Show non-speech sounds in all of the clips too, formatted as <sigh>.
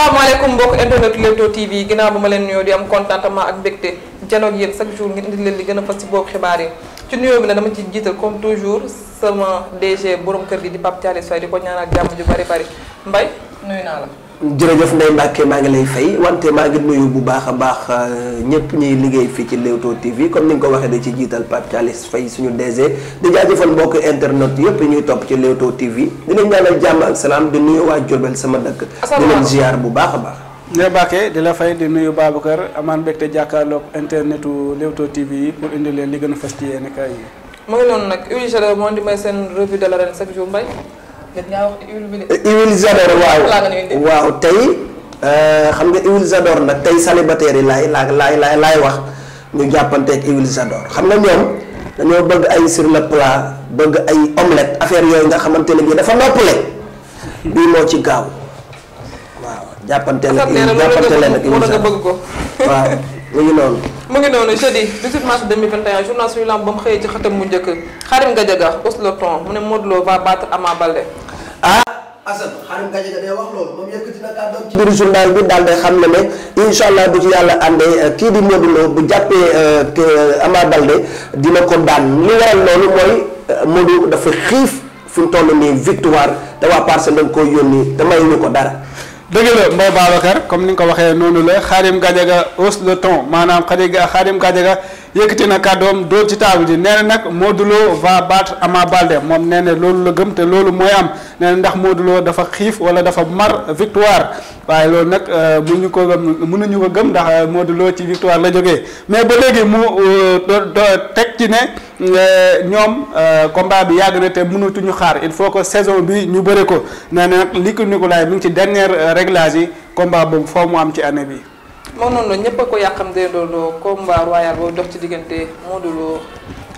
asalaamaaleykum mbokk internet Leewtoo TV ginnaaw ba ma leen nuyoo di am contentement ak mbégte janoog yéen chaque jour ngeen indi leen li gën a fas ci boobu xibaar yi ci nuyoo bi nag dama ci jiital comme toujours sama DG borom kër gi di Pape Thialé Sow di ko ñaanal jàmm ju bari bari Mbaye nuyu naa la jërëjëf Ndeye Mbacke maa ngi lay fay wante maa ngi nuyu bu baax a baax euh, ñëpp ñuy liggéey fii ci Leewtoo TV comme ni nga ko waxee da ci jiital Pape Thialis Faye suñu DG di jaajëfal mbokk internet yëpp ñuy topp ci Leewtoo TV di leen ñaanal jàmm ak salaam di nuyu waa Diourbel sama dëkk. di leen bu baax a baax. Ndeye Mbacke di la fay di nuyu Babacar amaan mbégte jàkkaarloog internetu Leewtoo TV yi pour indi leen li gën a fas ci yéen kaay yi. mu ngi nag moo di may seen revue de l'arène chaque jour mbay huile j'adore waaw waaw tey euh, xam nga huile j'adore nag tey célibataire yi laay laa laay laay laay wax ñu jàppanteeg huile j'adore xam na ñoom dañoo bëgg ay sur le plat bëgg ay omelette affaire yooyu nga xamante ne bii dafa noppale bii moo ci gaaw waaw jàppante la jàppante leen ak huile j'adore waaw mu ngi noonu mu ngi noonu jeudi 18 mars mu xëyee ci xëtam mu mu ne Modou Lo va battre Ama Baldé ah Assane xarim Gaye da day wax loolu moom yëkkati na kàddoom ci biir journal bi daal xam ne ne incha allah bu ci yàlla àndee eh, kii di Modou bu jàppee eh, eh, Ama Baldé dina ko daan li waral loolu mooy Modou dafa xiif fi mu toll nii victoire te waa Parcelles dañ koy yónni te mayuñu ko dara. dëgg la Mbaye Babacar comme ni nga ko waxee noonu la xarim Gaye ga hausse de ton maanaam xarim Gaye ga. yëkkati na kàddoom dóor ci taabu ji nee na nag Modou Lo va battre Ama Baldé moom nee na loolu la gëm te loolu mooy am nee ndax Modou Lo dafa xiif wala dafa mar victoire waaye loolu nag euh, mënuñu ko mënuñu ko gëm ndax euh, Modou Lo ci victoire la jógee mais ba léegi mu euh, teg ci ne ñoom combat bi yàgg na te mënatuñu xaar il faut que saison bi ñu bëre ko nee na nag Luc Nicolaï mu ngi ci dernier réglage yi combat boobu foo mu am ci année bi moom noonu la ñëpp a ko yàqam déedéeloo combat royal boobu dox ci diggante Modou Lo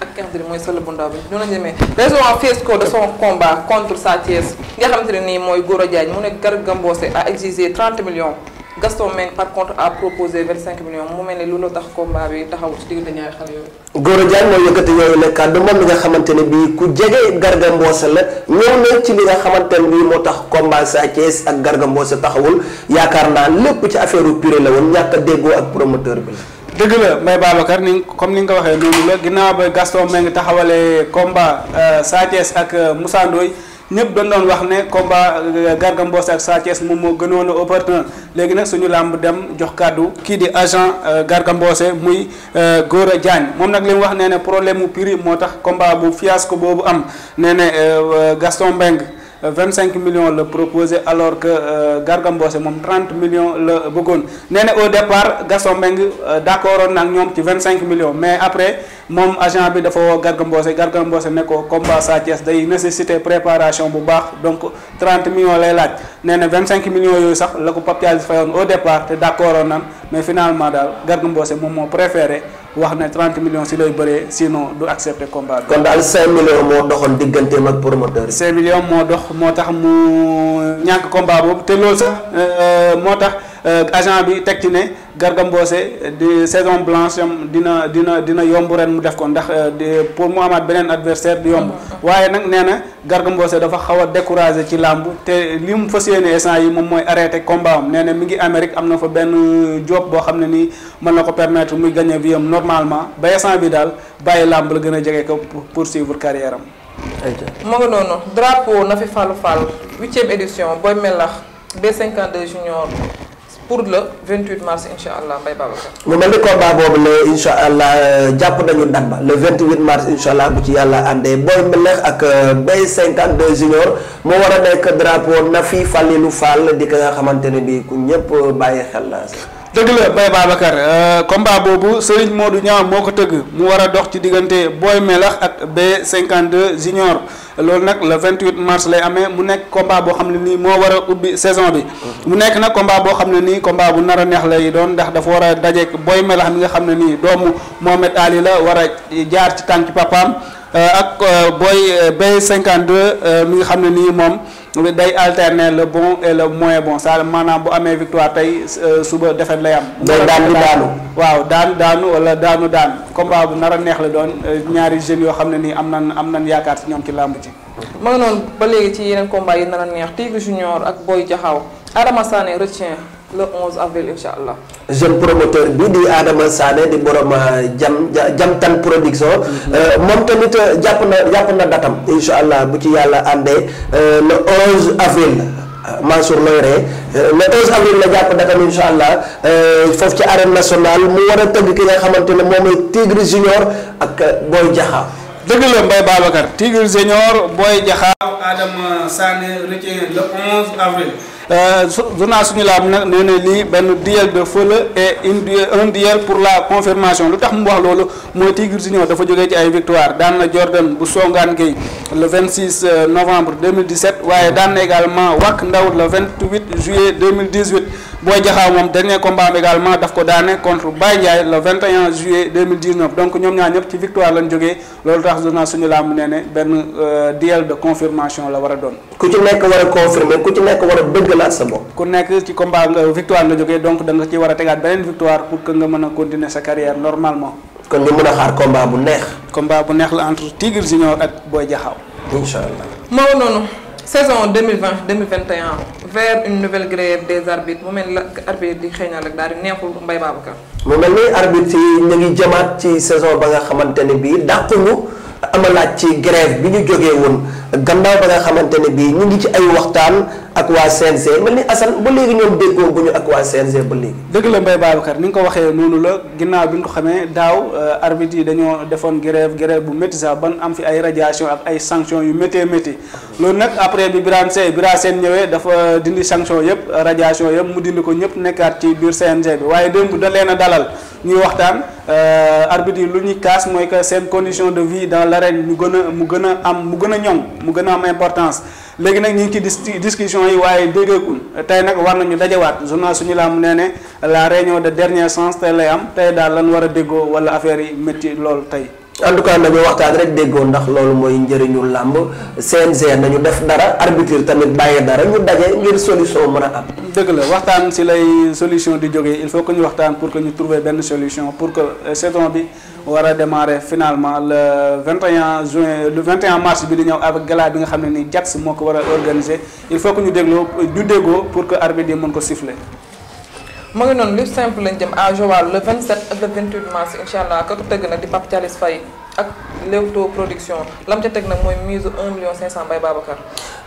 ak ki nga mooy Sële bu ndaw bi noonu la ñu demee raison fiasco de son combat contre Sa Thiès nga xamante ne nii mooy a Diagne mu ne Garga Mbossé a exigé 30 millions. Gaston Mbengue par contre a proposé 25 millions mu mel ne loolu tax combat bi taxawul ci diggante ñaari xale yooyu. moo yëkkati yooyu la kàddu moom mi nga xamante ne bii ku jege Garga Mbossé la ñëw na ci li nga xamante ne moo tax combat Sa Thiès ak Garga taxawul yaakaar naa lépp ci affaire u la woon ñàkk a déggoo ak promoteur bi la. dëgg la may Babacar ni comme ni nga ko waxee noonu la ginnaaw ba Gaston Mbengue taxawalee combat euh, Sa Thiès ak euh, Moussa Ndoye ñëpp dañ doon wax ne combat euh, Garga Mbossé ak Sa Thiès moom moo gënoon a opportun léegi nag suñu làmb dem jox kàddu kii di agent euh, Garga Mbossé muy euh, a Diagne moom nag li wax nee ne problème mu prix moo tax combat bu ko boobu am nee ne Gaston Mbengue vingt cinq millions la proposé alors que Garga moom trente million la bëggoon nee ne au départ Gaston Mbengue d'accordoon nag ñoom ci vingt cinq millions mais après moom agent bi dafa woo Garga Mbossé Garga Mbossé ne ko combat Sa Thiès day nécessité préparation bu baax donc 30 millions lay laaj nee na cinq millions yooyu sax la ko Papial fayoon au départ te d' accord nan mais finalement daal Garga moom moo préféré wax ne 30 millions si lay bëree sinon du accepter combat bi. kon daal 5 millions moo doxoon digganteem ak promoteur yi. 5 millions moo dox moo tax mu ñàkk combat boobu te loolu sax euh, moo tax. Euh, agent bi teg ci ne Garga Mbossé euh, saison blanche am dina dina dina yomb ren mu def ko ndax euh, de pour mu amaat beneen adversaire di yomb ah, ah. waaye nag nee na Garga dafa xaw a découragé ci làmb te li mu fas yéene essence yi moom mooy arrêté combat am nee na mi ngi Amérique am na fa benn job boo xam ne nii mën na ko permettre muy gagné vie am normalement ba essence bi daal bàyyi làmb la gën a jege ko pour poursuivre carrière am. ma nga noonu drapeau na fi Fallou Fall pour le 28 mars incha allah Mbaye Babacar. mu mel ni combat boobu la incha allah jàpp nañu date ba le 28 mars incha allah bu ci yàlla àndee Boy Meleex ak euh, Bay 52 junior moo war a nekk drapeau Nafi Falilou Fall di ko nga xamante ne bii ku ñëpp euh, bàyyi xel la. dëgg la Baye Babacar euh, combat boobu Serigne Modou Niang moo ko tëgg mu war a dox ci diggante booy Melax ak B52 Junior loolu nag vingt 28 mars lay amee mu nekk combat boo xam ne nii moo war a ubbi saison bi. mu nekk nag combat boo xam ne nii combat bu nar a neex lay doon ndax dafa war a dajeek booy Melax mi nga xam ne nii doomu Mohamed Ali la war a jaar ci tànk papaam. Euh, ak euh, booy euh, B52 mi nga xam ne nii moom day alterner la bon et le moins bon ça maanaam bu amee victoire tey suba defet lay am. day daanu daanu. waaw daan daanu wala daanu daan combat bu nar a neex la doon ñaari jeunes yoo xam ne nii am nan am nan yaakaar si ñoom ci làmb ji. ma nga noonu ba léegi ci yeneen combat yi nar a neex Tigre Junior ak Boy Jaxaw Adama Sané retient. le 11 avril incha allah. jeune promoteur bi di Adama Sané di borom euh, jam jamtan production. Mhm. Euh, moom tamit euh, jàpp na jàpp na datam. incha allah bu ci yàlla àndee le 11 avril. Mansour Loiré la jàpp datam incha allah foofu ci arène nationale mu war a tëgg ki nga xamante ne moom mooy Tigre Junior ak Boy Diakha. dëgg la Mbaye Babacar Tigre Junior Boy Diakha. Adama Sané le 11 avril. Euh, journal suñu laam nag nee benn duel de feu et une un duel pour la confirmation lu tax mu wax loolu mooy Tigre Junior dafa jógee ci ay victoire daan na Jordan bu Songaan Gueye le 26 euh, novembre 2017 waaye daan na également Wak Ndaw le 28 juillet 2018 Boy Jaxaaw moom dernier combat am daf ko daane contre Baye Ndiaye le 21 juillet 2019 donc ñoom ñaar ñëpp ci victoire lañ jógee loolu tax journal suñu laam nee ne euh, la war a xoolaat sa bopp. ku nekk ci combat nga victoire nga jógee donc da nga ci war a tegaat beneen victoire pour que nga mën a continuer sa carrière normalement. kon ñu mën a xaar combat bu neex. combat bu neex la entre Tigre Junior ak Boy Diakhao. incha allah. moo noonu saison 2020 2021 vers une des arbitres mu mel ni la arbitre ni ngi jamaat ci saison ba nga xamante ne bii dàquñu amalaat ci grève bi ñu jógee woon gannaaw ba nga xamante ne bii ñu ngi ci ay waxtaan. ak waa CNG mel ni Assane ba léegi ñoom déggoo bu ñu ak waa CNG ba léegi. dëgg la Mbaye Babacar ni nga ko waxee noonu la ginnaaw bi nga ko xamee daaw euh, arbitre yi dañoo defoon grève grève bu métti sax ban am fi ay radiation ak ay sanctions yu méttee métti loolu nag après bi Birane Sèye Birane Sèye ñëwee dafa dindi sanction yëpp radiation yëpp mu dindi ko ñëpp nekkaat ci biir CNG bi waaye démb da leen a dalal ñuy waxtaan euh, arbitre yi lu ñuy kaas mooy que seen condition de vie dans l'arène ñu gën a mu gën a am mu gën a ñoŋ mu gën a am importance. léegi nag ñu ngi ci discussion yi waaye déggeegul tey nag war na nañu dajawaat journal suñu laa mu nee ne la réunion de dernier sens tey lay am tey daal lan war a déggoo wala affaire yi métti lool tey en tout cas nañu waxtaan rek déggoo ndax loolu mooy njëriñu làmb CNG nañu def dara arbitre tamit bàyyi dara ñu daje ngir solution mën a am dëgg la waxtaan si lay solution di jógee il faut que ñu waxtaan pour que ñu trouver benn solution pour que euh, saison bi war a démarrer finalement le 21 juin le 21 mars bi di ñëw avec gala bi nga xam ne nii Jaks moo ko war a organiser il faut que ñu dégloo ñu déggoo pour que arbitre yi mën ko siffler. mu ngi noonu lu simple lañ jëm à Joal le 27 ak le 28 mars incha allah kooku tëgg nag di Pape Thialis Faye. ak Leewtoo production lam ca teg nag mooy mise un million cinq cent Mbaye Babacar.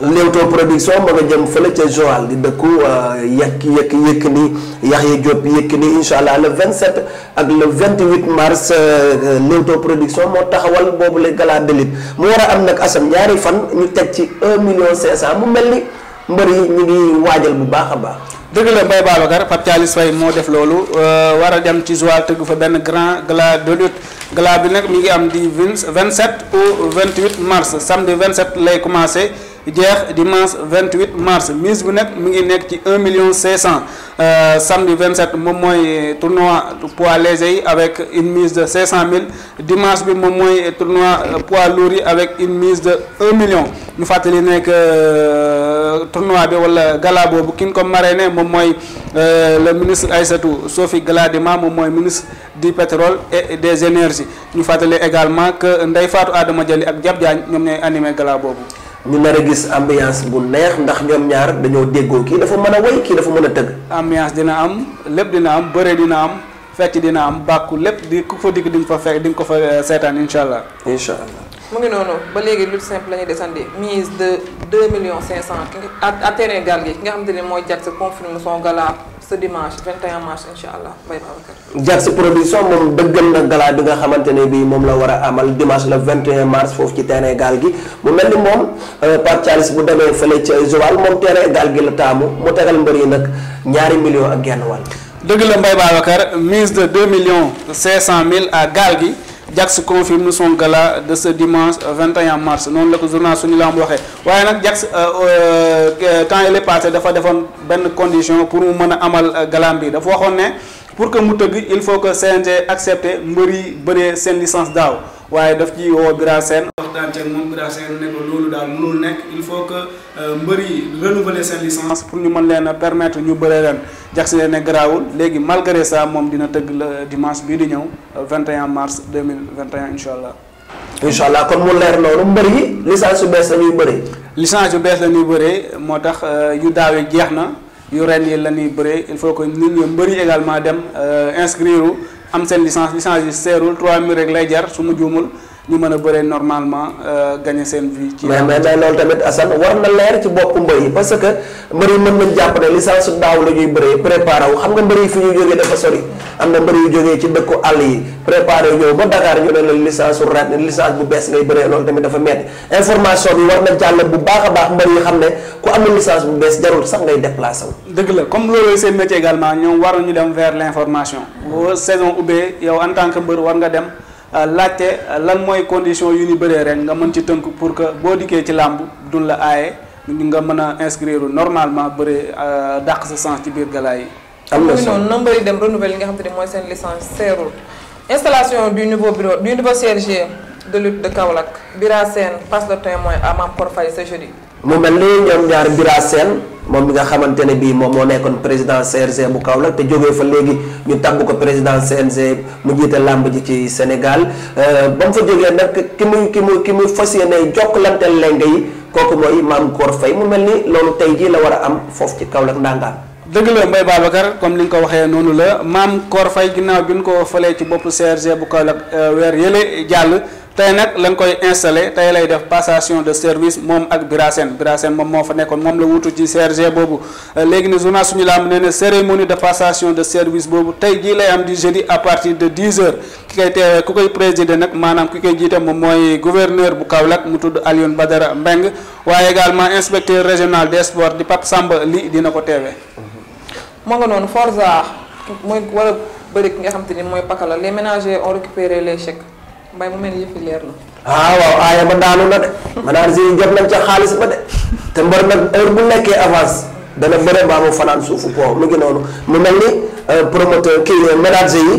Leewtoo production ma nga jëm fële ca Joal di dëkku ni euh, yax Yékini Yaxya Diop ni incha allah le 27 ak le 28 mars euh, Leewtoo production moo taxawal boobu la gala de mu war a am nag asam ñaari fan ñu teg ci un million cinq cent mu mel ni mbër yi ñu ngi waajal bu baax a baax. dëgg la Mbaye Babacar Pape Thialis Faye moo def loolu euh, war a dem ci Joal tëgg fa benn grand gala de lutte gala bi nag mi ngi am di vingt sept au vingt huit mars samedi vingt sept lay commencé jeex dimanche vingt huit mars mise bu nag mi ngi nekk ci un million cinq cent Euh, vingt 27 moom mooy tournoi pois léger yi avec une mise de 500 milles dimanche bi moom mooy tournoi euh, pois lourd yi avec une mise de 1 million ñu fàttali nekk euh, tournoi bi wala gala boobu ki ñu ko marraine moom mooy le ministre Aïssatou Sophie Gladima moom mooy ministre du pétrole et des énergies ñu fàttali également que Ndeye faatu Adama Diallo ak Diab Diagne ñoom ñooy animé gala boobu. ñu nar a gis ambiance bu neex ndax ñoom ñaar dañoo déggoo kii dafa man a woy kii dafa mën a tëgg. ambiance dina am lépp dina am bëre dina am fecc dina am bàkku lépp di ku fa dikk di nga fa fekk di nga ko fa eh, seetaan incha allah. incha allah. mu ngi noonu ba léegi lu simple la ñuy desandi mise de 2 millions 500 ki nga à à terrain gaal gi ki nga xamante ne mooy jag sa confirme son gala ce dimanche 21 mars production moom dëggal na gala bi nga xamante ne bii moom la war a amal dimanche le 21 mars foofu ci terrain gaal gi mu mel ni moom euh, Pape Thialis bu demee fële ca Joal moom terrain gaal gi la taamu mu tegal mbër yi nag ñaari millions ak genn wàll. dëgg la Mbaye Babacar mise de 2 millions 500 mille à gaal gi. Jax confirme son gala de ce dimanche 21 euh, mars noonu la ko journal suñu mu waxee waaye nag Jax euh, euh, temps il est passé dafa defoon benn condition pour mu mën a amal galaam bi dafa waxoon ne pour que mu tëgg il faut que CNG accepte mbër yi bëree seen licence daaw. waaye daf ci woo Bira Sène waxtaan ceeg moom Bira Sène ne ko loolu daal mënul nekk il faut que euh, mbër yi renouveler seen licence pour ñu mën leen a permettre ñu bëree leen jax si leen ne garaawul léegi malgré ça moom dina tëgg la dimanche bii di ñëw 21 mars 2021 incha allah incha allah kon mu leer noonu mbëri yi licence yu bees la ñuy bëree licence yu bees la ñuy bëree moo tax euh, yu daaw yi jeex na yu ren yi la ñuy bëree il faut que nit ñu mbër yi également dem euh, inscrire am seen licence licence yi seerul 3000 rek lay jar su ma ñu mën a bëree normalement euh, gagné seen vie. ci mais mais mais loolu tamit Assane war na leer ci bopp mbër yi parce que mbër yi mën nañ jàpp ne licence daaw la ñuy bëree préparé xam nga yi fi na mbër yu jógee ci dëkku àll yi préparé wu ñëw ba Dakar ñu ne bu bees ngay bëree loolu tamit dafa metti information bi war na jàll bu baax a baax mbër yi xam ne ku amul licence bu bees jarul sax ngay déplacé wu. dëgg la comme loolu seen métier également war waruñu dem vers l' information. bu saison ubbee yow en tant que mbër war nga dem. Euh, laajte euh, lan mooy condition yu ni bëree ren nga mën ci tënk pour que boo dikkee ci làmb dun la aaye nga mën a inscrire normalement bëree euh, daq sa sens ci biir galaay yi. am na solo noonu bëri dem renouveler li nga xam te ne mooy seen licence seerul installation du nouveau bureau du nouveau CRG de lutte de Kaolack Bira Sène passe le témoin à Mamkor Faye ce jeudi. mu mel ni ñoom ñaar Bira Sène moom bi nga xamante ne bii moom moo nekkoon président CNG bu Kaolack te jógee fa léegi ñu tàbb ko président CNG mu jiite làmb ji ci Sénégal euh, ba mu fa jógee nag ki muy ki mu ki muy fas yéene jokkalante lenge yi kooku mooy Mame Gor Faye mu mel ni loolu tey jii la war a am foofu ci Kaolack ndangaan dëgg la Mbaye Babacar comme ni nga ko waxee noonu la Mame Gor fay ginnaaw bi ñu ko falee ci bopp CRG bu Kaolack euh, weer yële jàll tey nag lañ koy installé tey lay def passation de service moom ak Birasène Birasène moom moo fa nekkoon moom la wutu ci CRG boobu léegi ne journal suñu la nee na cérémonie de passation de service boobu tey jii lay am di jeudi à partir de 10 heures ki koy teewee ku koy présider nag maanaam ki koy jiite moom mooy gouverneur bu Kaolack mu tudd ba dara Mbeng waaye également inspecteur régional des sports di Pape Samba li dina ko teewee. moo noonu Forza mooy war a ki nga xam te ni mooy Pakala les ménagers ont récupéré les chèques. mbay mu mel ni yëpp leer na. ah waaw ah, aaya ba daanu na de. maanaam si jot nañ ca xaalis ba de. te mbër nag heure bu nekkee avance dana bëre mbaa mu fanaan suufu po mu ngi noonu mu mel ni euh, promoteur kii euh, ménager yi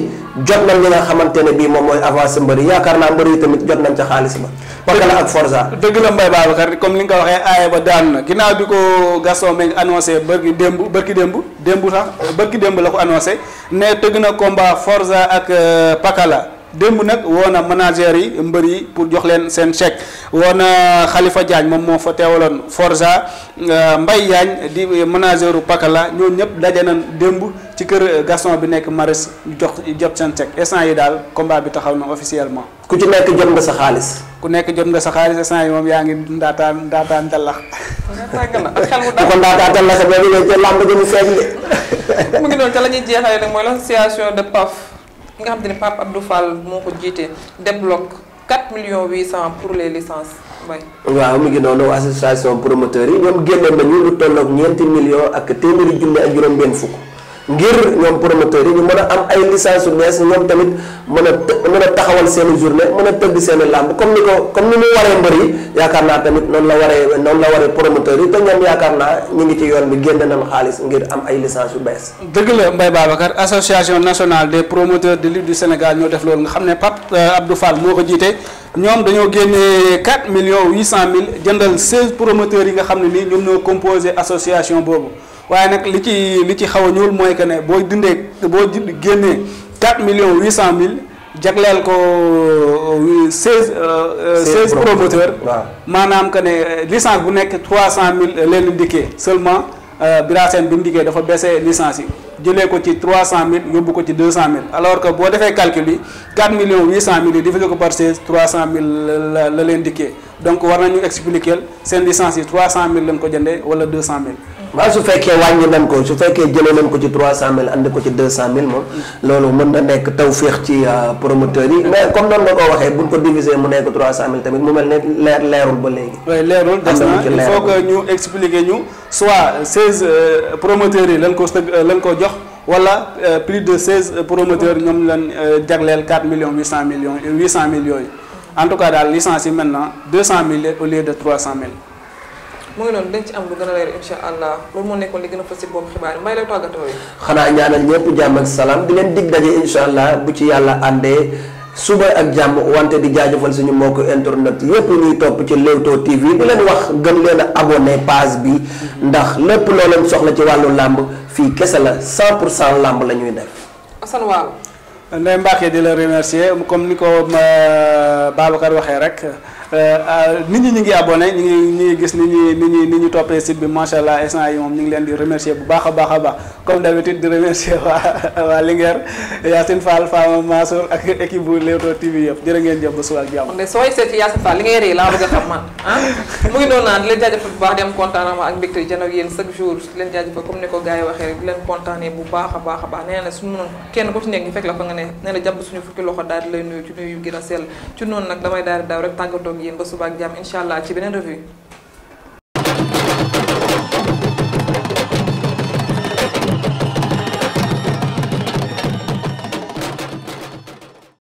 jot nañ li nga xamante ne bii moom mooy avance mbër yi yaakaar naa mbër yi tamit jot nañ ca xaalis ba. Pakala ak Forza. dëgg la Mbaye Babacar comme li nga ko waxee aaya ba daan na ginnaaw bi ko Gaston Mbengue annoncé bërki démb bërki démb démb sax bërki démb la na combat Forza ak euh, Pakala. démb nag woo na managers yi mbër yi pour jox leen seen check woo na Khalifa Diagne moom moo fa teewaloon Forza euh, Mbaye Diagne di manageru la ñoo ñëpp daje nañ démb ci kër Gaston bi nekk Maris ñu jox jot seen chèque instant yi daal combat bi taxaw na officiellement. ku ci nekk jot nga sa xaalis. ku nekk jot nga sa xaalis instant yi moom yaa ngi ndaataan ndaataan dallax. bu ko ndaataan dallax boobu mu ngi noonu ca la ñuy jeexalee nag mooy l'association de PAF. ki nga xam te ne Pape Abdou Fall moo ko jiite débloque 4 millions 800 pour les licences bay. waaw mu ngi noonu association promoteurs yi ñoom génnoon nañu lu toll ak ñeenti millions ak téeméeri junne ak juróom-benn fukk. ngir ñoom promoteurs yi ñu mën a am ay licence su bees ñoom tamit mën a mën a taxawal seen journée mën a tëgg seen i làmb ni ko comme ni mu waree mbër yi yaakaar naa tamit noonu la waree noonu la waree promoteurs yi te ñoom yaakaar naa ñu ngi ci yoon bi génn nañ xaalis ngir am ay licence su bees. dëgg la Mbaye Babacar association nationale des promoteurs de lutte du Sénégal ñoo def loolu nga xam ne Pape euh, Abdou Fall moo ko jiite ñoom dañoo génnee 4 millions 800 mille jëndal 16 promoteurs yi nga xam ne nii composé association boobu. waaye nag li ci li ci xaw a ñuul mooy que ne boo dundee boo génnee 4 millions 800 mille jagleel ko 16. Euh, 16 euh, euh, promoteurs maanaam que ne licence bu nekk 300 mille leen ndikkee seulement Bira Sène bi mu ndikkee dafa baissé licence yi jëlee ko ci 300 mille yóbbu ko ci 200 mille alors que boo defee calcul bi 4 millions 800 mille yi divisé ko par 16 300 mille la la leen ndikkee donc war nañu expliquer seen licence waaw su fekkee wàññi nañ ko su fekkee jëlee nañ ko ci 300000 andi ko ci 200000 moom loolu mën na nekk tawféex ci euh, promoteurs yi mais comme noonu nga ko waxee buñ ko diviser mu nekk 300000 tamit mu mel ne leer leerul ba léegi. waaw leerul des na il faut que ñu expliquer ñu soit 16 euh, promoteurs yi lañ ko euh, lañ ko jox. wala voilà, euh, plus de seize promoteurs ñoom lañ jagleel quatre millions huit cent millions huit cent mille mu ngi noonu dañ am lu gën a leer incha allah loolu moo nekkoon li gën a fës si boobu xibaar yi mbay lay tàggatoo yi xanaa ñaanal ñëpp jàmm ak salaam di leen dig daje incha allah bu ci yàlla àndee suba ak jàmm wante di jaajëfal suñu mbokku internet yépp ñuy topp ci Leewtoo TV di leen wax gën leen a abonné page bi ndax lépp loo leen soxla ci wàllu làmb fii kese la 100 pour làmb la ñuy def. Assane Waal. Ndeye Mbacke di la remercier comme ni ko euh, Babacar waxee rek. Euh, euh, nit ñi ñu ngi abonné ñu ngi ñu ngi gis ni ñuy ni ñuy ni ñu toppee site bi macha allah instant yi moom ñu ngi leen di remercier bu baax a baax a baax comme d'habitude di remercier waa <laughs> waa Linguère Yacine Fall Fama Mansour ak équipe bu Leewtoo TV yëpp jërë ngeen ba a xam man <laughs> ah mu ngi noonu naan di leen jaajëfal bu jàpp suñu fukki loxo daal lay nuyu ci nuyu gi na sell ci noonu nag damay daal daaw rek tàggatoo yéen ba suba ak jàmm incha allah ci beneen revue